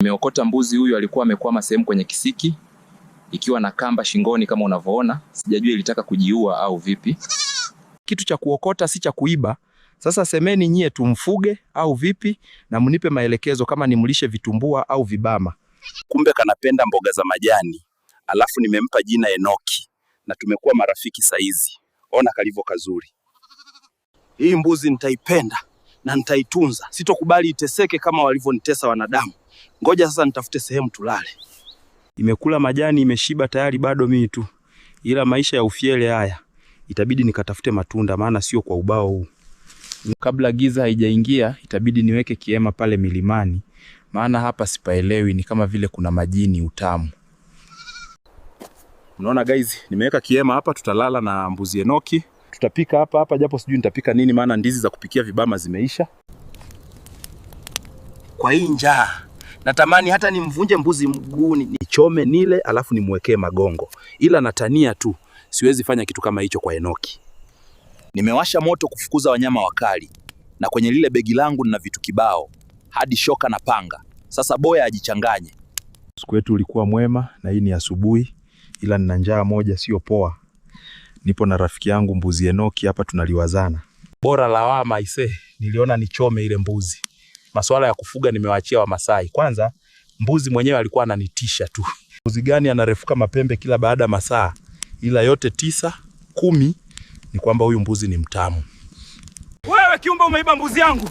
Nimeokota mbuzi huyu alikuwa amekwama sehemu kwenye kisiki ikiwa na kamba shingoni kama unavyoona, sijajua ilitaka kujiua au vipi. Kitu cha kuokota si cha kuiba. Sasa semeni nyie tumfuge au vipi, na mnipe maelekezo kama nimlishe vitumbua au vibama. Kumbe kanapenda mboga za majani, alafu nimempa jina Enoki na tumekuwa marafiki saizi. Ona kalivyo kazuri. Hii mbuzi nitaipenda na nitaitunza, sitokubali iteseke kama walivyonitesa wanadamu. Ngoja sasa nitafute sehemu tulale. Imekula majani, imeshiba tayari, bado mimi tu. Ila maisha ya ufiele haya, itabidi nikatafute matunda, maana sio kwa ubao huu. Kabla giza haijaingia, itabidi niweke kiema pale milimani, maana hapa sipaelewi, ni kama vile kuna majini utamu. Unaona guys, nimeweka kiema hapa, tutalala na mbuzi Enoki tutapika hapa hapa, japo sijui nitapika nini, maana ndizi za kupikia vibama zimeisha. Kwa hii njaa natamani hata nimvunje mbuzi mguu, nichome nile, alafu nimwekee magongo, ila natania tu, siwezi fanya kitu kama hicho kwa Enoki. Nimewasha moto kufukuza wanyama wakali, na kwenye lile begi langu nina vitu kibao hadi shoka na panga. Sasa boya ajichanganye. siku wetu ulikuwa mwema na hii ni asubuhi, ila nina njaa moja sio poa nipo na rafiki yangu mbuzi Enoki hapa tunaliwazana. Bora lawama ise, niliona nichome ile mbuzi. Masuala ya kufuga nimewaachia Wamasai. Kwanza mbuzi mwenyewe alikuwa ananitisha tu. Mbuzi gani anarefuka mapembe kila baada ya masaa, ila yote tisa kumi ni kwamba huyu mbuzi ni mtamu. Wewe kiumbe, umeiba mbuzi yangu.